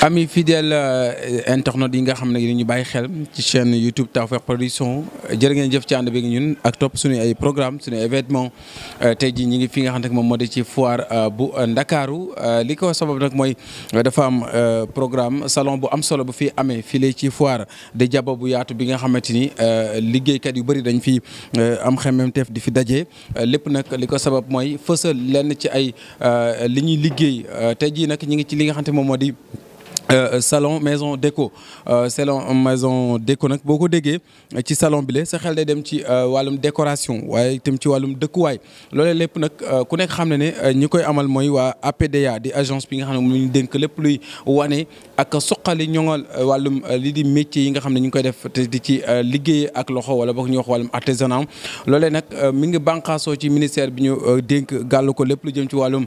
ami fidèle euh, internet yi nga xam ne ñu bàyyi xel ci chaîne YouTube Tawfekh Production jërë ngeen jëf ci ànd bi ñun ak topp suñu ay programme suñu événement euh, tey jii ñu ngi fi nga xam ne moom moo di ci foire euh, bu Ndakaaru li ko sabab nag mooy dafa am programme salon bu am solo bu fi amee fii ci foire de jaba bu yaatu bi nga xamante ni liggéeykat yu bëri dañ fi am xemmemteef di fi daje lépp nag li ko sabab mooy fësal lenn ci ay li ñuy liggéey te jii nag ñu ngi ci li nga xam ne moom moo di Euh, salon maison déco euh, salon maison déco nag boo ko déggee ci salon bi la sa xel day dem ci euh, wàllum décoration waaye itam ci wàllum dëkkuwaay loolee lépp nag ku nekk xam ne ne ñu koy amal mooy waa APDA di agence bi nga xam ne moom ñu dénk lépp luy wane ak suqali ñoŋal wàllum li di métier yi nga xam ne ñu ngi koy def te di ci liggéey ak loxo wala boog ñuy wax wàllum artisanat loolee nag mi ngi bànqaasoo ci ministère bi ñu dénk gàll ko lépp lu jëm ci wàllum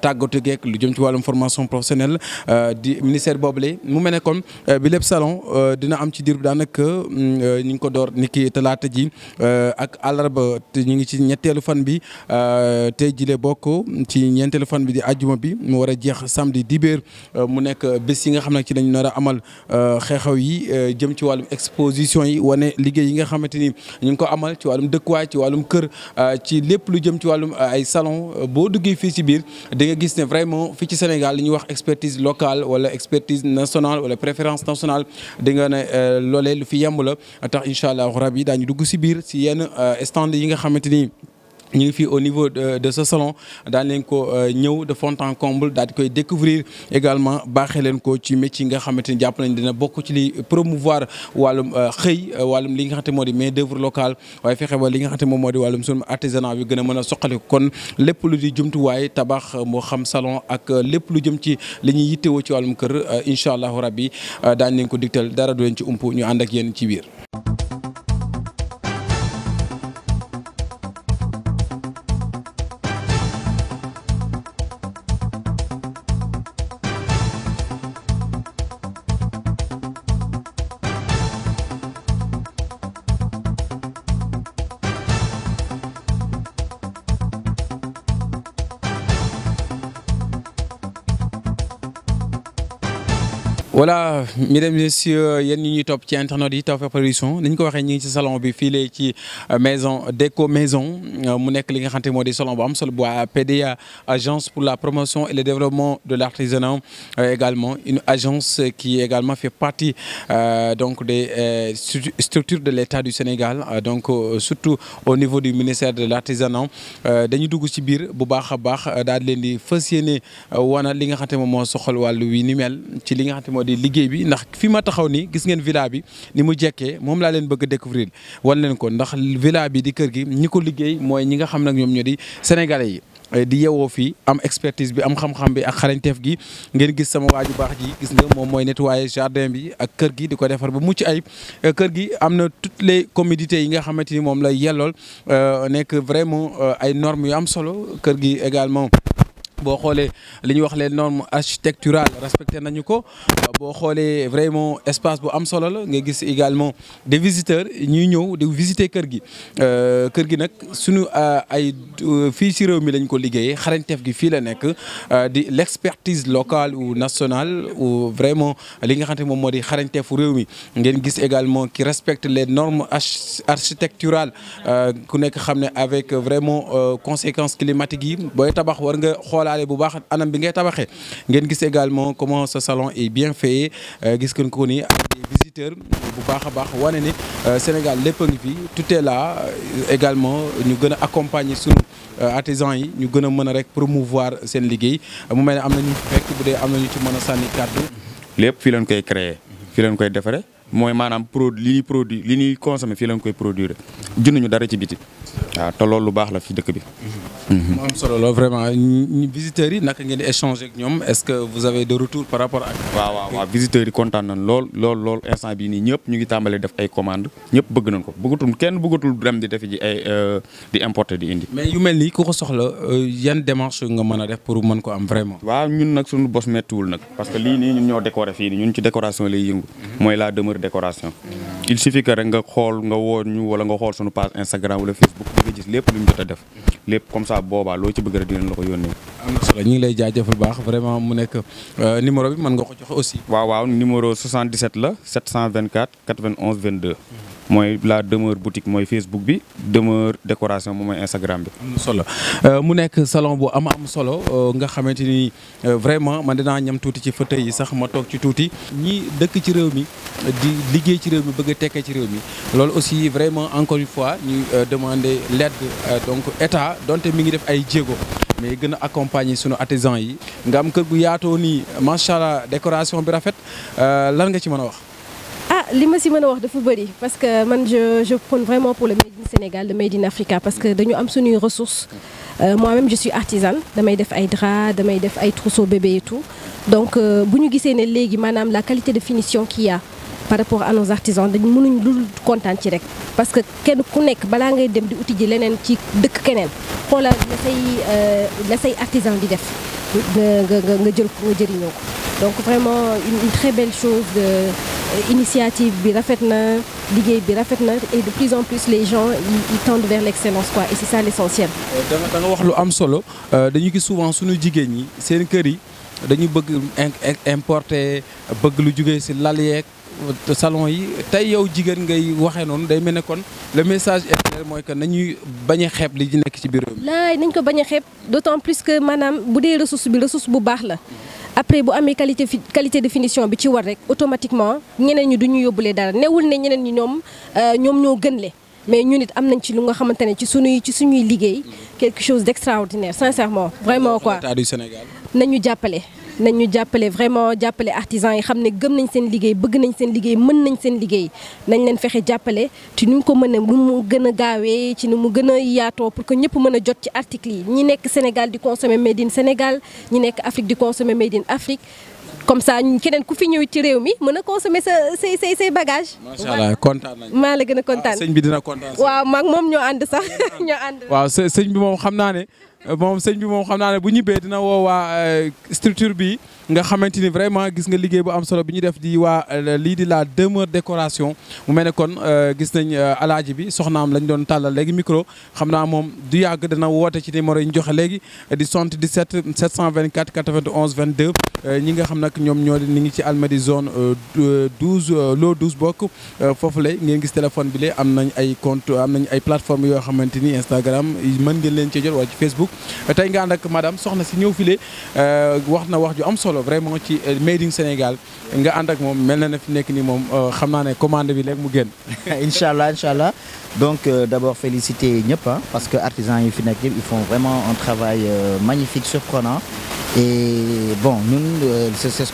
tàggatu geek lu jëm ci wàllum formation professionnelle di ministère concert boobu la mu mel ne kon euh, bi lépp salon euh, dina am ci diir bi daanaka mm, euh, ñu ngi ko door ni ki talaata ji ak àllarba ñu ngi ci ñetteelu fan bi tey jile bokk ci ñeenteelu fan bi di ajjuma bi mu war a jeex samedi dibéer mu nekk bés yi nga xam ne ci lañu nar a amal xeexaw yi jëm ci wàllum exposition yi wane liggéey yi nga xamante ni ñu ngi ko amal ci wàllum dëkkuwaay ci wàllum kër ci lépp lu jëm ci wàllum ay salon boo duggee fii ci biir da gis ne vraiment fii ci Sénégal expertise nationale wala préférence nationale di nga ne euh, loolee lu fi yemb la tax incha allah rabi daañu dugg si biir si yenn euh, stand yi nga xamante ni. ñu ngi fii au niveau de ce salon daan leen ko euh, ñëw de fond en comble daal koy découvrir également baaxee leen ko ci métier yi nga xamante ni jàpp nañ dina bokk ci li promouvoir wàllum euh, xëy euh, wàllum li nga xamante moo di main d'œuvre locale waaye fexe ba li nga xamante moom moo di wàllum sunu artisanat bi gën a mën a soqaliku kon lépp lu di jumtuwaay tabax moo xam salon ak lépp lu jëm ci li ñuy yittewoo ci wàllum kër incha allahu rabbi daan leen ko digtal dara du leen ci ump ñu ànd yéen ci biir voilà mesdames et messieurs yéen ñi ñuy topp ci internet yi Tawfekh Production ni ñu ko waxee ñu ngi ci salon bi fii léegi ci euh, maison déco maison euh, mu nekk li nga xamante moo di salon bu am solo bu waa PDA agence pour la promotion et le développement de l'artisanat euh, également une agence qui également fait partie donc des structures de l'État du Sénégal donc surtout au niveau du ministère de l'artisanat dañu dugg ci biir bu baax a baax daal di leen di fas yéene wana li nga xamante moom moo soxal wàllu wi di liggéey bi ndax fii ma taxaw nii gis ngeen villa bi ni mu jekkee moom la leen bëgg a découvrir wan leen ko ndax villa bi di kër gi ñi ko liggéey mooy ñi nga xam nag ñoom ñoo di sénégalais yi eh, di yewoo fii am expertise bi am xam-xam bi ak xarañteef gi ngeen gis sama waaju baax ji gis nga moom mooy nettoyer jardin bi ak kër gi di ko defar ba mucc ay eh, kër gi am na toutes les commudité yi nga xamante ni moom lay yellool eh, nekk vraiment ay normes yu am solo kër gi également boo xoolee li ñuy wax les normes architecturales respecter nañu ko boo xoolee vraiment espace bu am solo la nga gis également des visiteurs ñuy ñëw di visiter kër gi. Euh, kër gi nag suñu euh, ay euh, fii si réew mi lañ ko liggéeyee xarañteef gi fii la nekk di lexpertise locale ou nationale ou vraiment li nga xam ne moom moo di xarañteefu réew mi ngeen gis également qui respecte les normes architecturales ku nekk xam ne avec vraiment conséquence climatique yi booy tabax war xoolaale bu baax anam bi ngay tabaxee ngeen gis également comment salon est bien fait euh, gis ngeen ko ni ak visiteurs bu baax a baax wane ni euh, Sénégal lépp ngi fi tout est là euh, également ñu gën a accompagner sunu artisans yi ñu gën a mën a rek promouvoir seen liggéey mu mel ne am na ñu fekk bu dee am na ñu ci mën a sànni kàddu. lépp fii leen koy créer fii leen koy defaree mooy maanaam produit li ñuy produit li ñuy consommer fii leen koy produire junnuñu dara ci biti. waaw te lool lu baax la fi dëkk bi. mu solo la vraiment visiteurs yi naka ngeen di échanger ak ñoom est-ce que vous avez de retour par rapport ak. waaw waaw waaw yi kontaan nañ lool lool lool instant bii nii ñëpp ñu ngi tàmbalee def ay commandes ñëpp bëgg nañ ko bëggatul kenn bëggatul dem di def ji ay euh, di importer di indi. mais yu mel nii ku ko soxla euh, yan démarche nga mën a def pour mën ko am vraiment. waaw ñun nag suñu bos méttiwul nag parce que lii nii ñun ñoo décorer fii nii ñun ci décoration lay yëngu. Mm-hmm. mooy la demeure décoration. il suffit que nga xool nga woo ñu wala nga xool suñu page Instagram wala Facebook. nga gis lépp lu ñu a def lépp comme ça boobaa loo ci bëgg rek dinañ la ko yónnee. am na solo ñu lay jaajëfal baax vraiment mu nekk euh, numéro bi mën nga ko joxe aussi. waaw waaw numéro 77 la 724 91 22. mooy la boutique mooy Facebook bi demeure décoration mooy Instagram bi. am solo euh, mu nekk salon bu am am solo euh, nga xamante ni vraiment man dinaa ñam tuuti ci fauteuil yi sax ma toog ci tuuti ñi dëkk ci réew mi. di liggéey ci réew mi bëgg a tekkee ci réew mi loolu aussi vraiment encore une fois ñu euh, demande l'aide euh, donc état donte mi ngi def ay jéego mais gën a accompagner sunu artisans yi nga am kër gu yaatoo nii macha allah décoration bi rafet euh, lan nga ci mën a wax. ah li ma si mën a wax dafa bëri parce que man je je prône vraiment pour le made in Sénégal le made Africa parce que dañu am suñuy ressources. moi-même je suis artisane damay def ay draps damay def ay trousseau bébé donc bu ñu gisee ne léegi maanaam la qualité de finition qu'il par rapport à nos artisans dañ mënuñ lu kontaan ci rek parce que kenn ku nekk balaa ngay dem di uti ji leneen ci dëkk keneen xoolal la say euh, la say di def nga nga jël nga jëriñoo ko donc vraiment une très belle chose euh, initiative bi rafet na liggéey bi rafet na et de plus en plus les gens ils tendent vers l'excellence quoi et c'est ça l'essentiel. Euh, da nga wax lu am solo dañu gis souvent suñu jigéen ñi seen kër yi dañu bëgg importer bëgg lu jugee ci lal yeeg salon yi tey yow jigéen ngay waxee noonu day mel ne kon le message est mooy que nañuy bañ a xeeb li nekk ci biir réew mi. laay bañ a xeeb d'autant plus que maanaam bu dee ressource bi ressource bu baax la après bu amee qualité qualité de finition bi ci war rek automatiquement ñeneen ñi duñu ñu yóbbulee dara newul ne ñeneen ñi ñoom euh, ñoom ñoo gën le mais ñun it am nañ ci lu nga xamante ne ci suñuy ci suñuy liggéey quelque chose d'extraordinaire sincèrement vraiment quoi état du Sénégal nañu jàppale. nañ ñu jàppale vraiment jàppale artisans yi xam ne gëm nañ seen liggéey bëgg nañ seen liggéey mën nañ seen liggéey nañ leen fexe jàppale ci nu ko mën a nu mu gën a gaawee ci nu mu gën a yaatoo pour que ñëpp mën a jot ci article yi ñi nekk Sénégal di consommer made in Sénégal ñi nekk Afrique di consommer made in Afrique comme ça keneen ku fi ñëw ci réew mi mën a consommer sa say say say bagages. macha allah kontaan maa la gën a kontaan. Ah, sëñ bi dina kontaan. waaw maag moom ñoo àn sax ñoo ànd. waaw sëñ xam naa moom sëñ bi moom xam naa ne bu ñibbee dina woowaa waa euh, structure bi nga xamante ni vraiment gis nga liggéey bu am solo bi ñu def di waa euh, lii di la demeure décoration mu mel ne kon euh, gis nañ alaaji bi soxna am lañu doon tàllal léegi micro xam naa moom du yàgg dana woote ci numéro yi ñu joxe léegi di 77 724 91 22 ñi nga xam nag ñoom ñoo di ni ngi ci Almadies zone 12 lot 12 bokk foofu lay ngeen gis téléphone bi lee am nañ ay conte am nañ ay plateforme yoo xamante ni Instagram mën ngeen leen cee jot wala ci Facebook tey nga ànd ak madame soxna si ñëw file euh, wax na wax ju am solo vraiment ci euh, made Sénégal nga ànd ak moom mel na ne fi nekk nii moom euh, xam naa ne commande bi léegi mu génn. incha allah incha allah donc euh, d'abord féliciter ñëpp parce que artisans yi fi nekk yëpp ils font vraiment un travail euh, magnifique surprenant et bon ñun euh, c'est ce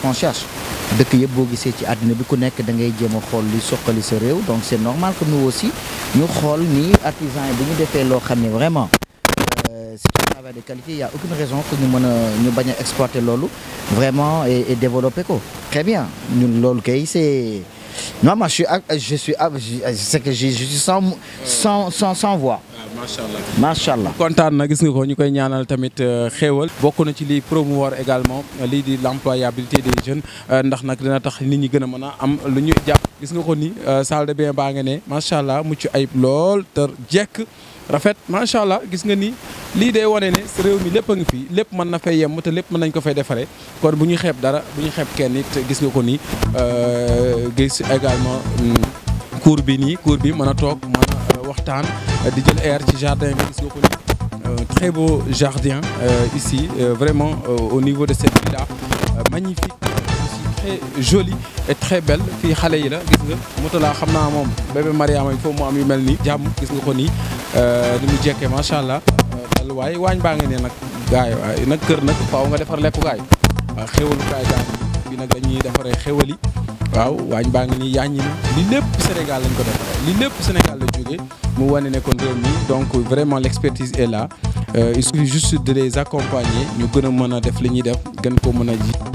dëkk yëpp boo gisee ci àddina bi ku nekk da ngay jéem a xool li soqali sa réew donc c'est normal que nous aussi ñu xool ni artisans yi bu ñu defee loo xam ne vraiment c'est euh, un travail de qualité il y raison que ñu mën a ñu bañ a loolu vraiment et, et développer ko très bien ñun loolu kay c'est non ma je suis je suis c'est que je suis sans sans sans sans voix. Ah, macha allah kontaan na gis nga ko ñu koy ñaanal tamit euh, xéewal. bokk na ci li promouvoir également euh, lii di l'employabilité des jeunes ndax nag dina tax nit ñi gën a mën a am lu ñu jàpp. gis nga ko ni salle baa nga ne macha allah mucc ayib lool te jekk. rafet macha allah gis nga ni lii de wane ne réew mi lépp a ngi fi lépp mën na fay yem te lépp mën nañ ko fay defaree kon bu ñu xeeb dara bu ñu xeeb kenn it gis nga ko nii euh, gis également hmm, cour bi nii cour bi mën a toog mën a euh, waxtaan di jël air ci jardin bi gis nga ko ni euh, très beau jardin ici vraiment au niveau de cette villa magnifique très jolie et très belle fii xale yi la gis nga moto laa xam naa moom bébé Mariama il faut mu am yu mel nii jàmm gis nga ko nii Euh, ni mu jekke macha allah dal waay waañ baa ngi ne nag gaay waay nag kër nag faaw nga defar lekkukaay waaw xéwalukaay gaa bi nag dañuy defaree xéwal yi waaw waañ baa ngi nii yaaññi na li lépp Sénégal lañ ko defaree li lépp Sénégal la jógee mu wane ne kon réew mi donc vraiment l'expertise et là euh, il suffit juste de les accompagner ñu gën a mën a def li ñuy def gën ko mën a